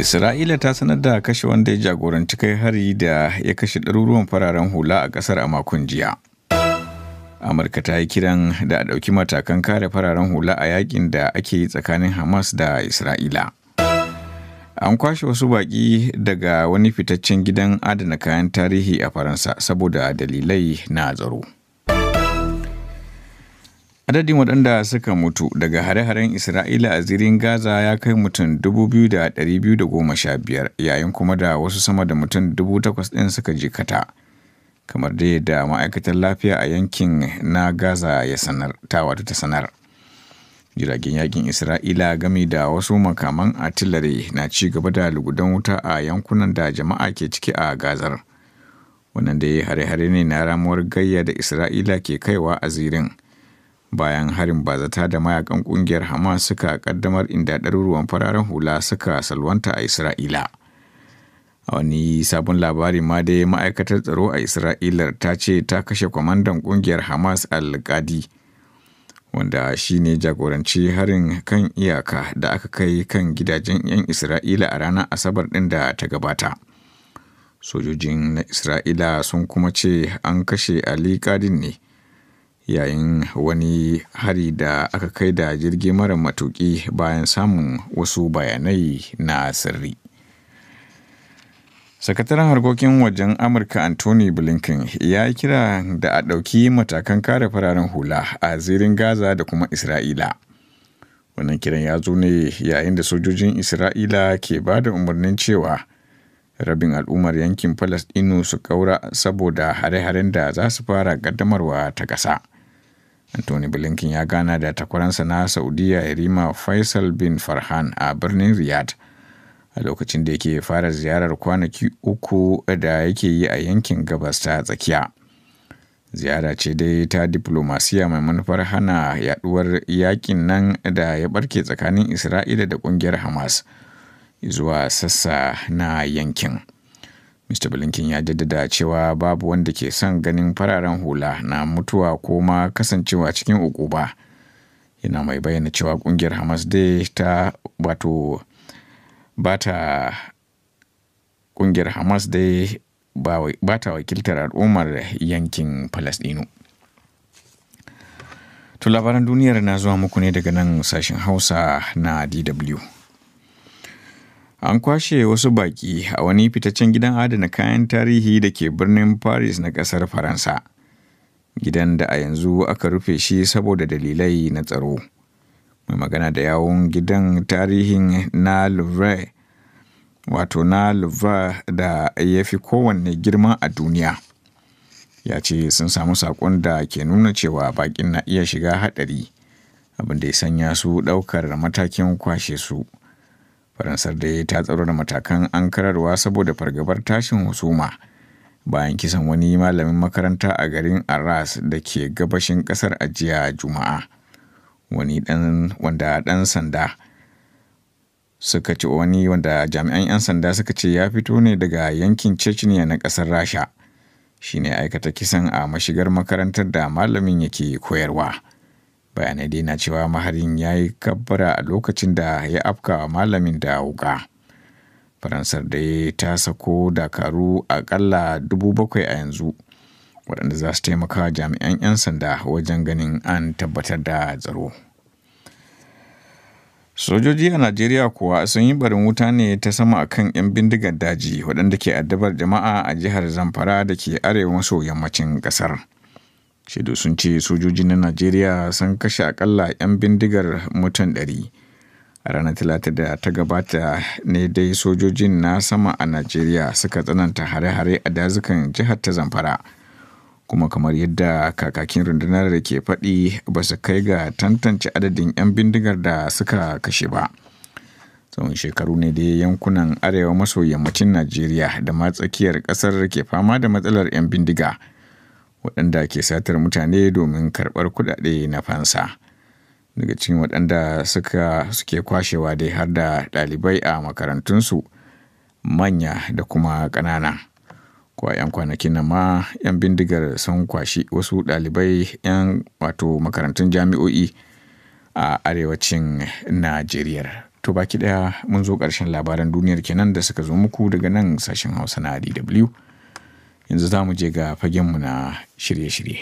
Isra'ila ta sanar da kashe wanda ya jagoranci kai hari da ya kashe ɗaruruwan fararen hula a ƙasar a makon jiya. Amurka ta yi kiran da a ɗauki matakan kare fararen hula a yakin da ake yi tsakanin Hamas da Isra'ila. An kwashe wasu baƙi daga wani fitaccen gidan adana kayan tarihi a Faransa saboda dalilai na tsaro. Adadin waɗanda suka mutu daga hare-haren Isra'ila a zirin Gaza ya kai mutum 2,215 yayin kuma da wasu sama da mutum 8,000 ɗin suka jikata. Kamar dai da ma'aikatar lafiya a yankin na Gaza ya sanar, ta wata ta sanar. Jiragen yakin Isra'ila gami da wasu makaman artillery na ci gaba da lugudan wuta a yankunan da jama'a ke ciki a Gazar. Wannan dai hare-hare ne na ramuwar gayya da Isra'ila ke kaiwa a zirin. bayan harin bazata da mayakan kungiyar hamas suka kaddamar inda ɗaruruwan fararen hula suka salwanta a isra'ila a wani sabon labari ma dai ma'aikatar tsaro a isra'ila ta ce ta kashe kwamandan kungiyar hamas al-qadi wanda shine jagoranci harin kan iyaka da aka kai kan gidajen 'yan isra'ila a ranar asabar ɗin da ta gabata sojojin na isra'ila sun kuma ce an kashe ali qadin ne yayin wani hari da aka kai da jirgi mara matuƙi bayan samun wasu bayanai na sirri. sakataren harkokin wajen amurka anthony blinken ya yi kira da a ɗauki matakan kare fararen hula a zirin gaza da kuma isra'ila wannan kiran ya zo ne yayin da sojojin isra'ila ke ba da umarnin cewa rabin al'ummar yankin falasɗinu su kaura saboda hare-haren da za su fara ƙaddamarwa ta ƙasa Anthony Blinken ya gana da takwaransa na Saudiya Irima Faisal bin Farhan a birnin Riyadh a lokacin da yake fara ziyarar kwanaki uku da yake yi a yankin gabas ta tsakiya. Ziyara ce dai ta diplomasiya mai manufar hana yaduwar yakin nan da ya barke tsakanin Isra'ila da kungiyar Hamas zuwa sassa na yankin. mr blinken ya jaddada cewa babu wanda ke son ganin fararen hula na mutuwa ko ma kasancewa cikin ukuba yana mai bayyana cewa kungiyar hamas dai ta wato ba ta kungiyar hamas dai ba ta wakiltar al'ummar yankin falasdino to labaran duniyar na zuwa muku ne daga nan sashen hausa na dw An kwashe wasu baƙi a wani fitaccen gidan adana kayan tarihi da ke birnin Paris na ƙasar Faransa. Gidan da a yanzu aka rufe shi saboda dalilai na tsaro. Mai magana da yawon gidan tarihin na Louvre, wato na Louvre da ya fi kowanne girma a duniya. Ya ce sun samu saƙon da ke nuna cewa baƙin na iya shiga haɗari, abin da ya sanya su ɗaukar matakin kwashe su. faransar dai ta tsaro da matakan ankararwa saboda fargabar tashin husuma bayan kisan wani malamin makaranta a garin arras da ke gabashin kasar ajiya juma'a wani dan wanda dan sanda suka ce wani wanda jami'an 'yan sanda suka ce ya fito ne daga yankin chechnya na kasar rasha shine aikata kisan a mashigar makarantar da malamin yake koyarwa. bayanai dai na cewa maharin ya yi kabbara a lokacin da ya afka malamin da wuka faransar dai ta sako dakaru akalla dubu bakwai a yanzu waɗanda za su taimaka jami'an 'yan sanda wajen ganin an tabbatar da tsaro sojoji a najeriya kuwa sun yi barin wuta ne ta sama akan 'yan bindigar daji waɗanda ke addabar jama'a a jihar zamfara da ke arewa maso yammacin ƙasar. shaidu sun ce sojoji na najeriya sun kashe akalla 'yan bindigar mutum 100 a ranar talata da ta gabata ne dai sojojin na sama a najeriya suka tsananta hare-hare a dazukan jihar ta zamfara kuma kamar yadda kakakin rundunar da ke faɗi ba su kai ga tantance adadin 'yan bindigar da suka kashe ba tsawon shekaru ne da yankunan arewa maso yammacin najeriya da ma tsakiyar ƙasar ke fama da matsalar 'yan bindiga. waɗanda ke satar mutane domin karɓar kuɗaɗe na fansa daga cikin waɗanda suka suke kwashewa dai har da ɗalibai a makarantunsu manya da kuma ƙanana ko 'yan kwanakin nan ma 'yan bindigar sun kwashi wasu ɗalibai 'yan wato makarantun jami'o'i a arewacin najeriya to baki ɗaya mun zo ƙarshen labaran duniyar kenan da suka zo muku daga nan sashen hausa na dw yanzu za mu je ga fagenmu na shirye-shirye.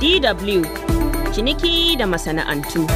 DW ciniki da masana'antu.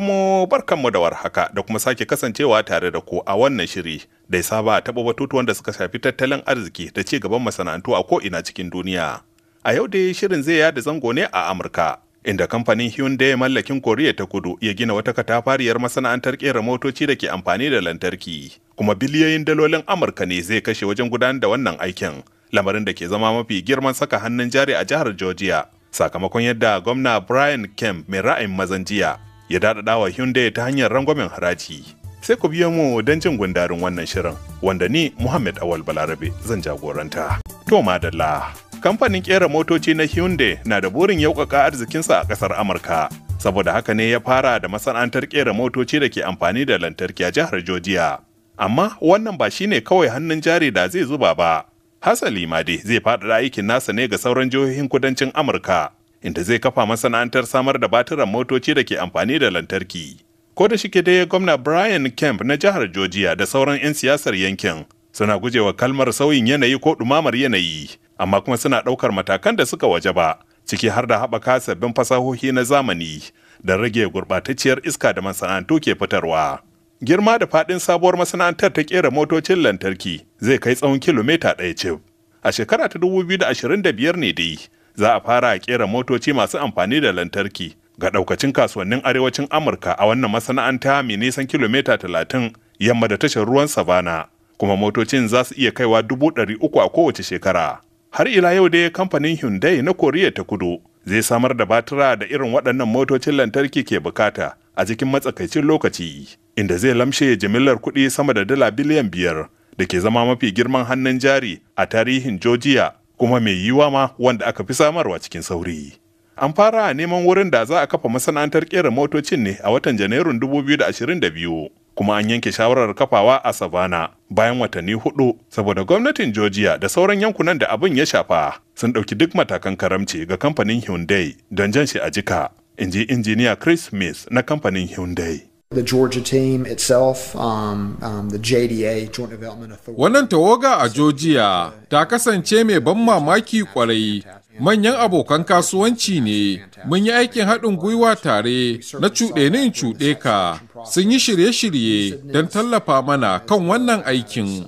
mu barkanmu da warhaka da kuma sake kasancewa tare da ku a wannan shiri da saba a taɓa batutuwan da suka shafi tattalin arziki da ci gaban masana'antu a ko'ina cikin duniya. A yau dai shirin zai yada zango ne a Amurka inda kamfanin Hyundai mallakin Koriya ta kudu ya gina wata katafariyar masana'antar kera motoci da ke amfani da lantarki. Kuma biliyoyin dalolin Amurka ne zai kashe wajen gudanar da wannan aikin, lamarin da ke zama mafi girman saka hannun jari a jihar Georgia. Sakamakon yadda gwamna Brian Kemp mai ra'ayin mazan jiya ya daɗaɗa wa Hyundai ta hanyar rangwamen haraji. Sai ku biyo mu don jin gundarin wannan shirin, wanda ni Muhammad Awal Balarabe zan jagoranta. To madalla. Kamfanin kera motoci na Hyundai na da burin yaukaka arzikinsa a ƙasar Amurka. Saboda haka ne ya fara da masana'antar kera motoci da ke amfani da lantarki a jihar Georgia. Amma wannan ba shi ne kawai hannun jari da zai zuba ba. Hasali Madi zai faɗaɗa aikin nasa ne ga sauran jihohin kudancin Amurka, inda zai kafa masana'antar samar da batiran motoci da ke amfani da lantarki. ko da shike dai gwamna Brian Kemp na jihar Georgia da sauran 'yan siyasar yankin suna gujewa kalmar sauyin yanayi ko ɗumamar yanayi amma kuma suna ɗaukar matakan da suka waje ba ciki har da haɓaka sabbin fasahohi na zamani da rage gurɓatacciyar iska da masana'antu ke fitarwa. Girma da faɗin sabuwar masana'antar ta ƙera motocin lantarki zai kai tsawon kilomita ɗaya cif. A shekara ta dubu biyu da da ashirin biyar ne dai za a fara ƙera motoci masu amfani da lantarki ga ɗaukacin kasuwannin arewacin Amurka a wannan masana'anta mai nisan kilomita talatin yamma da tashar ruwan Savannah. kuma motocin za su iya kaiwa dubu ɗari uku a kowace shekara har ila yau dai kamfanin Hyundai na Koriya ta kudu zai samar da batira da irin waɗannan motocin lantarki ke bukata a cikin matsakaicin lokaci inda zai lamshe jimillar kuɗi sama da dala biliyan biyar da ke zama mafi girman hannun jari a tarihin Georgia kuma mai yiwa ma wanda aka fi samarwa cikin sauri. An fara neman wurin da za a kafa masana'antar ƙera motocin ne a watan Janairun 2022. kuma an yanke shawarar kafawa a Savannah bayan watanni hudu saboda gwamnatin georgia da sauran yankunan da abin ya shafa sun ɗauki duk matakan karamci ga kamfanin hyundai don jan shi a jika in ji injiniya chris smith na kamfanin hyundai The Georgia team itself, um, um, the JDA, Joint Development Authority. Wannan tawaga a Georgia ta kasance mai ban mamaki kwarai manyan abokan kasuwanci ne mun yi aikin haɗin gwiwa tare na cuɗenin cuɗe ka sun yi shirye-shirye don tallafa mana kan wannan aikin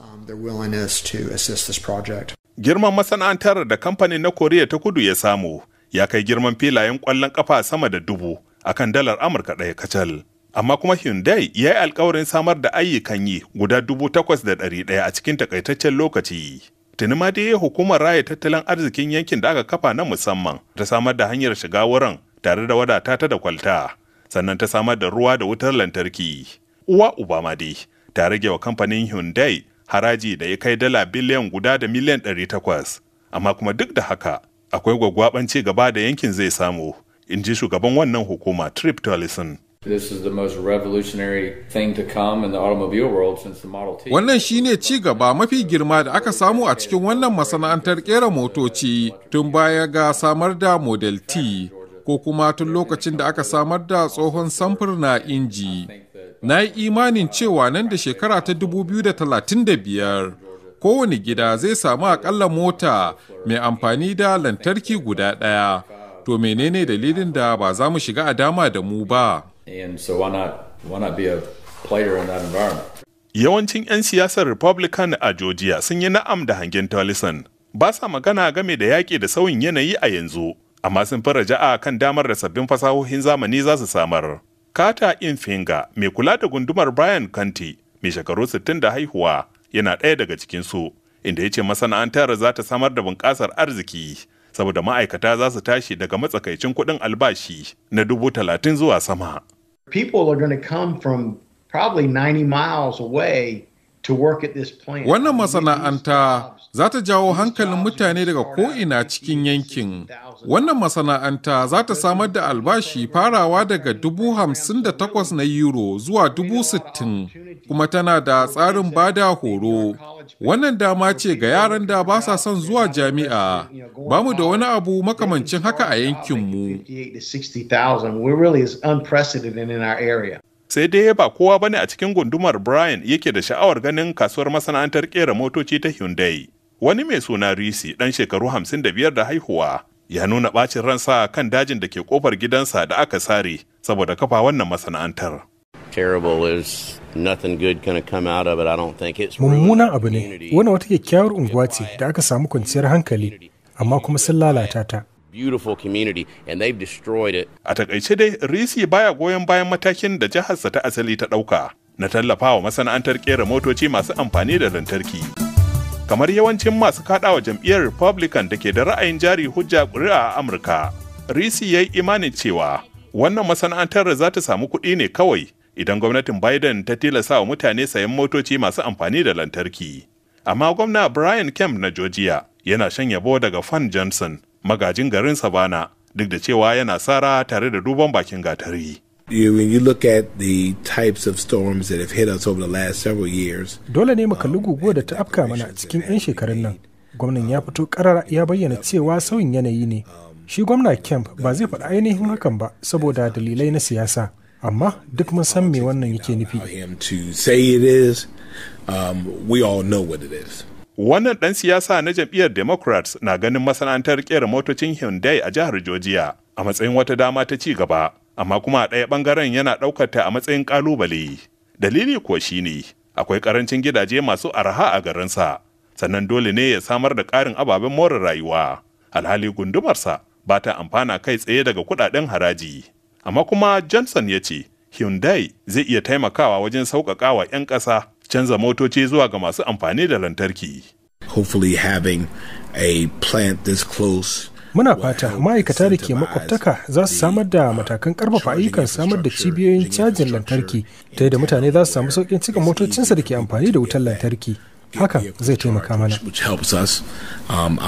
girman masana'antar da kamfanin na koriya ta kudu ya samu ya kai girman filayen ƙwallon ƙafa sama da dubu akan dalar amurka ɗaya kacal amma kuma hyundai ya yi alkawarin samar da ayyukan yi guda dubu takwas da ɗari ɗaya a cikin takaitaccen lokaci Tuni ma dai hukumar raya tattalin arzikin yankin da aka kafa na musamman ta samar da hanyar shiga wurin tare da wadata ta da kwalta, sannan ta samar da ruwa da wutar lantarki. Uwa uba ma dai ta rage wa kamfanin Hyundai haraji da ya kai dala biliyan guda da miliyan ɗari takwas Amma kuma duk da haka akwai gwagwaban ci gaba da yankin zai samu, in ji shugaban wannan hukuma Trip tolison the Wannan shine ci gaba mafi girma da aka samu a cikin wannan masana'antar kera motoci tun baya ga samar da Model T ko kuma tun lokacin da aka samar da tsohon samfur na inji. Na yi imanin cewa nan da shekara ta 2035 kowane gida zai samu akalla mota mai amfani da lantarki guda ɗaya. To menene dalilin da ba za mu shiga a dama da mu ba? And so why not, why not be a player in that environment? Yawancin 'yan siyasar Republican a Georgia sun yi na'am da hangen Tolison, Ba sa magana game da yaƙi da sauyin yanayi a yanzu, amma sun fi raja'a kan damar da sabbin fasahohin zamani za su samar. Kata Infinga, mai kula da gundumar Brian Kanti, mai shekaru 60 da haihuwa, yana ɗaya daga cikinsu, inda ya ce masana'antar za ta samar da bunƙasar arziki, saboda ma'aikata za su tashi daga matsakaicin kuɗin albashi na dubu talatin zuwa sama. People are going to come from probably 90 miles away to work at this plant. Wannan masana'anta za ta jawo hankalin mutane daga ko'ina cikin yankin. Wannan masana'anta za ta samar da albashi farawa daga dubu hamsin da takwas na euro zuwa dubu sittin, kuma tana da tsarin bada horo. Wannan dama ce ga yaran da ba sa son zuwa jami'a, ba mu da wani abu makamancin haka a yankinmu. sai dai ba kowa bane a cikin gundumar Brian yake da sha'awar ganin kasuwar masana'antar kera motoci ta Hyundai. wani mai suna risi ɗan shekaru hamsin da biyar da haihuwa ya nuna bacin ransa kan dajin da ke kofar gidansa da aka sare saboda kafa wannan masana'antar. Mummunan abu ne, wani wata kyakkyawar unguwa ce da aka samu kwanciyar hankali, amma kuma sun lalata ta. beautiful community and they've A takaice dai Risi baya goyon bayan matakin da jiharsa ta asali ta ɗauka na tallafa wa masana'antar kera motoci masu amfani da lantarki. kamar yawancin masu kaɗawa jam'iyyar republican da ke da ra'ayin jari hujja ƙuri'a a amurka risi ya yi imanin cewa wannan masana'antar za ta samu kuɗi ne kawai idan gwamnatin biden ta tilasa wa mutane sayan motoci masu amfani da lantarki amma gwamna brian kemp na georgia yana shan yabo daga fan johnson magajin garin savannah duk da cewa yana sara tare da duban bakin gatari. You, when you at the types storms that have hit last several years. Dole ne mu um, kalli guguwar da ta afka mana cikin 'yan shekarun nan. Gwamnan ya um, fito karara ya bayyana cewa sauyin yanayi ne. Um, Shi gwamna Kemp ba zai faɗi ainihin hakan ba saboda dalilai na siyasa. Amma duk mun san me wannan yake nufi. Wannan ɗan siyasa na jam'iyyar Democrats na ganin masana'antar ƙera motocin Hyundai a jihar Georgia a matsayin wata dama ta ci gaba. amma kuma a ɗaya ɓangaren yana ɗaukar ta a matsayin ƙalubale. Dalili kuwa shine akwai ƙarancin gidaje masu arha a garinsa, sannan dole ne ya samar da ƙarin ababen more rayuwa. Alhali gundumarsa ba ta amfana kai tsaye daga kuɗaɗen haraji. Amma kuma Johnson ya ce, Hyundai zai iya taimakawa wajen sauƙaƙa wa 'yan ƙasa canza motoci zuwa ga masu amfani da lantarki. Hopefully having a plant this close muna fata ma'aikata da ke makwabtaka za su samar da matakan karfafa ayyukan samar da cibiyoyin cajin lantarki ta yadda mutane za su samu saukin cika motocinsa da ke amfani da wutar lantarki hakan zai taimaka mana um,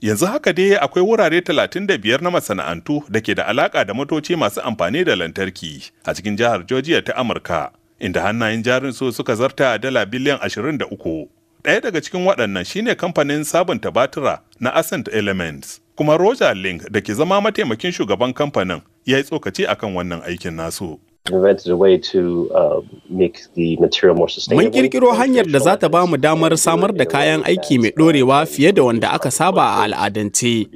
yanzu haka dai akwai wurare 35 na masana'antu da ke da alaka da motoci masu amfani da lantarki a cikin jihar georgia ta amurka inda hannayen jarin su suka zarta dala biliyan 23 Ɗaya daga cikin waɗannan shine kamfanin sabunta batira na Ascent Elements. Kuma Roger Link da ke zama mataimakin shugaban kamfanin ya yi tsokaci akan wannan aikin nasu. invented a way to uh, the material more sustainable. Mun kirkiro hanyar da za ta ba mu damar samar da kayan aiki mai ɗorewa fiye da wanda aka saba a al'adance.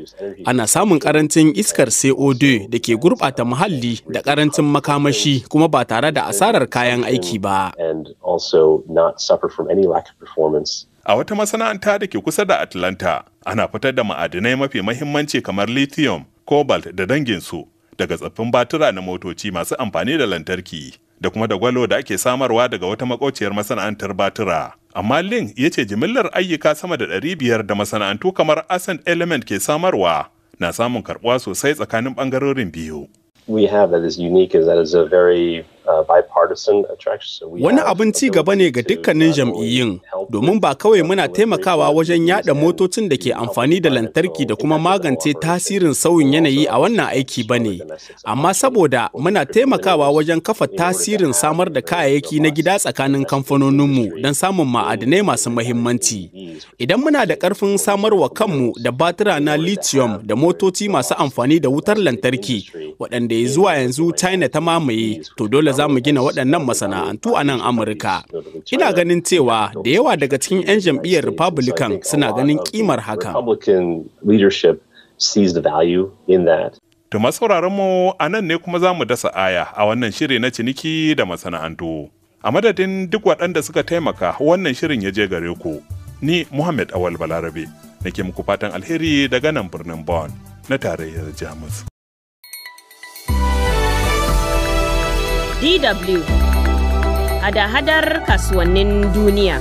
Ana samun karancin iskar CO2 da ke gurɓata muhalli da karancin makamashi kuma ba tare da asarar kayan aiki ba. A wata masana'anta da ke kusa da Atlanta, ana fitar da ma'adinai mafi mahimmanci kamar lithium, cobalt da danginsu. daga tsaffin batura na motoci masu amfani da lantarki da kuma da gwalo da ake samarwa daga wata makauciyar masana'antar batura. Amma Lin ya ce jimillar ayyuka sama da ɗari biyar da masana'antu kamar Ascent Element ke samarwa na samun karɓuwa sosai tsakanin ɓangarorin biyu. We have that is unique is that is a very Uh, Wani abin ci gaba ne ga dukkanin uh, jam'iyyun domin ba kawai muna taimakawa wajen yada motocin da ke amfani da lantarki da kuma magance tasirin sauyin yanayi a wannan aiki ba ne, amma saboda muna taimakawa wajen kafa tasirin samar da kayayyaki na gida tsakanin kamfanoninmu don samun ma'adinai masu mahimmanci. Idan muna da ƙarfin samarwa kanmu da batira na lithium da motoci masu amfani da wutar lantarki waɗanda zuwa yanzu China ta mamaye to dole za mu gina waɗannan masana'antu a nan Amurka. Ina ganin cewa da yawa daga cikin 'yan jam'iyyar Republican suna ganin kimar hakan. Tuma masauraran mu a nan ne kuma za mu dasa aya a wannan shiri na ciniki da masana'antu. A madadin duk waɗanda suka taimaka wannan shirin ya je gare ku. Ni Muhammad Awal Balarabe nake muku fatan alheri daga nan birnin Bonn na tarayyar Jamus. DW hada-hadar kasuwannin duniya.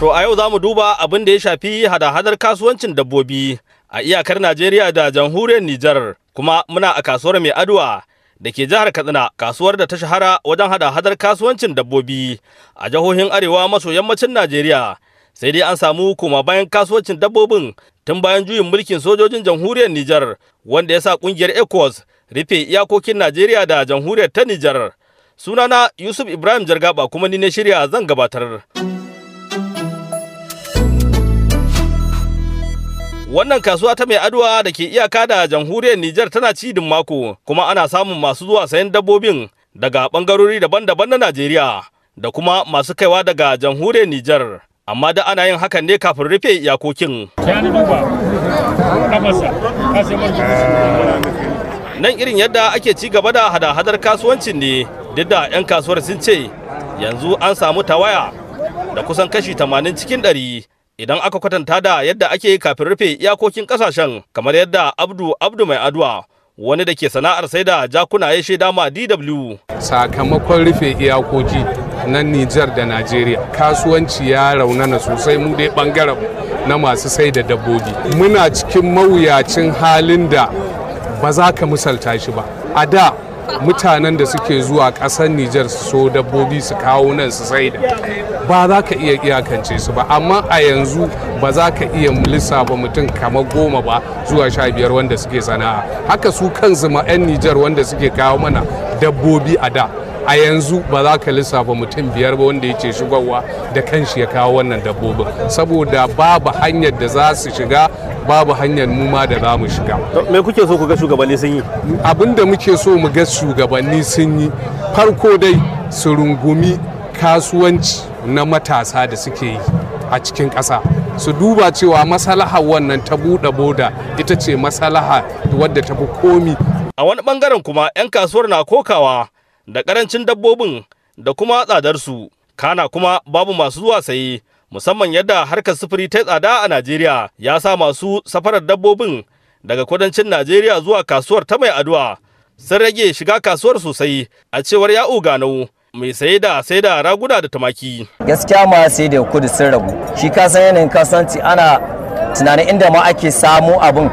To a yau za mu duba abin da ya shafi hada-hadar kasuwancin dabbobi a iyakar Najeriya da jamhuriyar Nijar kuma muna a kasuwar mai aduwa da ke jihar Katsina kasuwar da ta shahara wajen hada-hadar kasuwancin dabbobi a jihohin arewa maso yammacin Najeriya sai dai an samu kuma bayan kasuwancin dabbobin tun bayan juyin mulkin sojojin jamhuriyar Nijar wanda ya sa kungiyar ECOWAS rufe iyakokin Najeriya da jamhuriyar ta Nijar. Sunana Yusuf Ibrahim Jargaba kuma ni ne shirya zan gabatar. Wannan kasuwa ta mai aduwa da ke iyaka da jamhuriyar Nijar tana ci din mako kuma ana samun masu zuwa sayan dabbobin daga bangarori daban-daban na Najeriya da kuma masu kaiwa daga jamhuriyar Nijar. Amma da ana yin hakan ne kafin rufe iyakokin. Ya duba, kafasa, nan irin yadda ake ci gaba da hada-hadar kasuwancin ne duk da 'yan kasuwar sun ce yanzu an samu tawaya da kusan kashi 80 cikin 100 idan aka kwatanta da yadda ake kafin rufe iyakokin kasashen kamar yadda abdu abdu mai adwa wani da ke sana'ar sai da jakuna ya shaida ma DW. Sakamakon rufe iyakoki na Nijar da Najeriya kasuwanci ya raunana sosai mu dai bangaren na masu sai da dabbobi. Muna cikin mawuyacin halin da ba za ka misalta shi ba a da mutanen da suke zuwa ƙasar Nijar su so dabbobi su kawo nan su sai da ba za ka iya iyakance su ba amma a yanzu ba za ka iya lissafa mutum kamar goma ba zuwa sha biyar wanda suke sana'a haka su kan zuma 'yan Nijar wanda suke kawo mana dabbobi a da a yanzu ba za ka lissafa mutum biyar ba wanda yake shigarwa da kanshi ya kawo wannan dabbobin saboda babu hanyar da za su shiga babu hanyar mu da za mu shiga me kuke so ku ga shugabanni sun yi abin da muke so mu ga shugabanni sun yi farko dai su rungumi kasuwanci na matasa da suke yi a cikin ƙasa su duba cewa masalaha wannan ta buɗe boda ita ce masalaha wadda ta komi a wani bangaren kuma 'yan kasuwar na kokawa da karancin dabbobin da kuma tsadarsu kana kuma babu masu zuwa saye musamman yadda harkar sufuri ta tsada a najeriya ya sa masu safarar dabbobin daga kudancin najeriya zuwa kasuwar ta mai addu'a sun rage shiga kasuwar sosai a cewar ya'u ganau mai saye da sai da raguna da tumaki gaskiya ma sai da kudu sun ragu shi kasan yanayin kasanci ana tunanin inda ma ake samu abin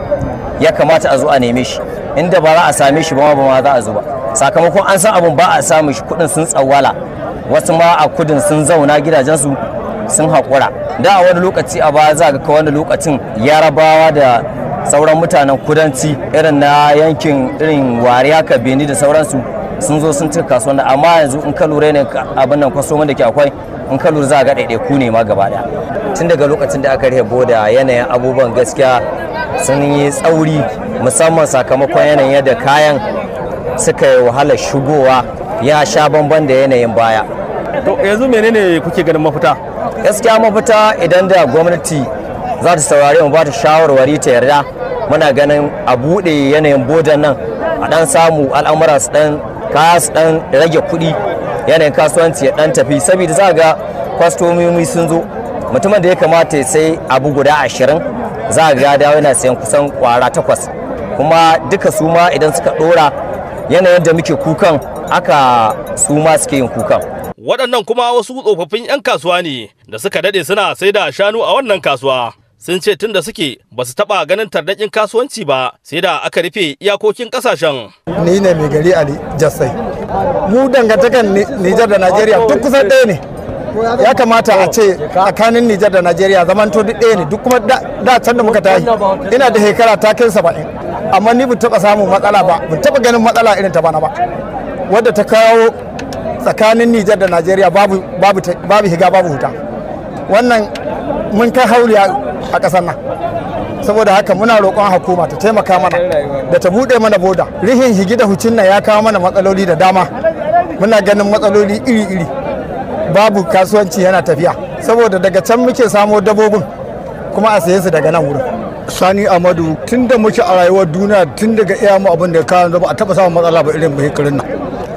ya kamata a zo a neme shi inda ba za a same shi ba ma ba ma za a zo sakamakon an san abun ba a samun shi kudin sun tsawala wasu ma a kudin sun zauna gidajensu sun haƙura da a wani lokaci a baya za ga wani lokacin yarabawa da sauran mutanen kudanci irin na yankin irin wariya beni da sauransu sun zo sun cika kasuwan da amma yanzu in ka lura ne abin nan kwaso da ke akwai in ka lura za ga ɗaiɗaiku ne ma gaba da. tun daga lokacin da aka rebo da yanayin abubuwan gaskiya sun yi tsauri musamman sakamakon yanayin yadda kayan suka yi wahala shigowa ya sha bamban da yanayin baya to yanzu menene kuke ganin mafita gaskiya mafita idan da gwamnati za ta saurare mu ba ta shawarwari ta yarda muna ganin a buɗe yanayin bodan nan a ɗan samu al'amura su ɗan kaya su ɗan rage kuɗi yanayin kasuwanci ya ɗan tafi saboda za ga kwastomomi sun zo mutumin da ya kamata sai abu guda ashirin za ga dawo yana sayan kusan kwara takwas kuma duka su ma idan suka ɗora yanayin da muke kukan aka su ma suke yin kukan waɗannan kuma wasu tsofaffin 'yan kasuwa ne da suka daɗe suna sai da shanu a wannan kasuwa sun ce tun da suke ba su taɓa ganin tarnaƙin kasuwanci ba sai da aka rufe iyakokin ƙasashen. ni ne mai gari ali jassai mu dangantakan nijar da najeriya duk kusan ɗaya ne ya kamata a ce tsakanin Nijar da Najeriya zamanto duk ɗaya ne duk kuma da can da muka tashi ina da hekara ta kai saba'in amma ni ba taɓa samun matsala ba ba taɓa ganin matsala irin ta bana ba wadda ta kawo tsakanin Nijar da Najeriya babu higa babu huta wannan mun kai hauli a ƙasar nan saboda haka muna roƙon hukuma ta taimaka mana da ta buɗe mana boda rihin higi da hucin nan ya kawo mana matsaloli da dama muna ganin matsaloli iri-iri babu kasuwanci yana tafiya saboda daga can muke samo dabobin kuma a saye su daga nan wurin sani amadu tun da muke a rayuwar duniya tun daga iya mu abin da kawo zama a taba samun matsala ba irin mai nan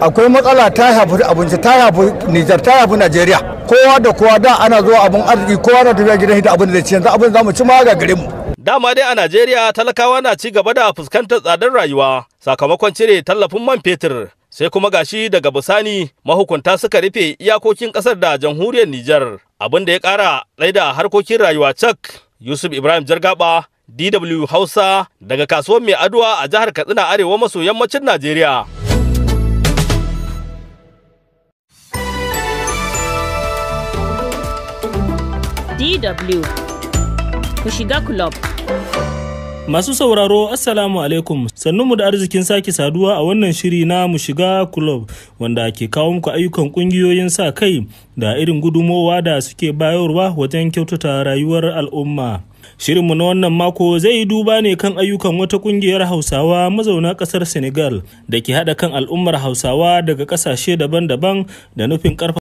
akwai matsala ta shafi abinci ta shafi nijar ta shafi najeriya kowa da kowa da ana zuwa abin arziki kowa na tafiya gidan hita abin da zai ci yanzu abin za mu ci ma ga gare mu dama dai a najeriya talakawa na ci gaba da fuskantar tsadar rayuwa sakamakon cire tallafin man fetur sai kuma gashi daga bisani mahukunta suka rufe iyakokin ƙasar da jamhuriyar Nijar abin da ya ƙara da harkokin rayuwa cak Yusuf Ibrahim Jargaba DW Hausa daga kasuwar mai aduwa a jihar Katsina arewa maso yammacin Najeriya. DW ku shiga club. Masu sauraro Assalamu alaikum sannunmu da arzikin sake saduwa a wannan shiri na mu shiga club wanda ke kawo muku ayyukan kungiyoyin sa kai da irin gudumowa da suke bayarwa wajen kyautata rayuwar al'umma. Shirinmu na wannan mako zai yi duba ne kan ayyukan wata kungiyar Hausawa mazauna ƙasar Senegal da ke haɗa kan al'ummar Hausawa daga ƙasashe daban-daban da nufin ƙarfafa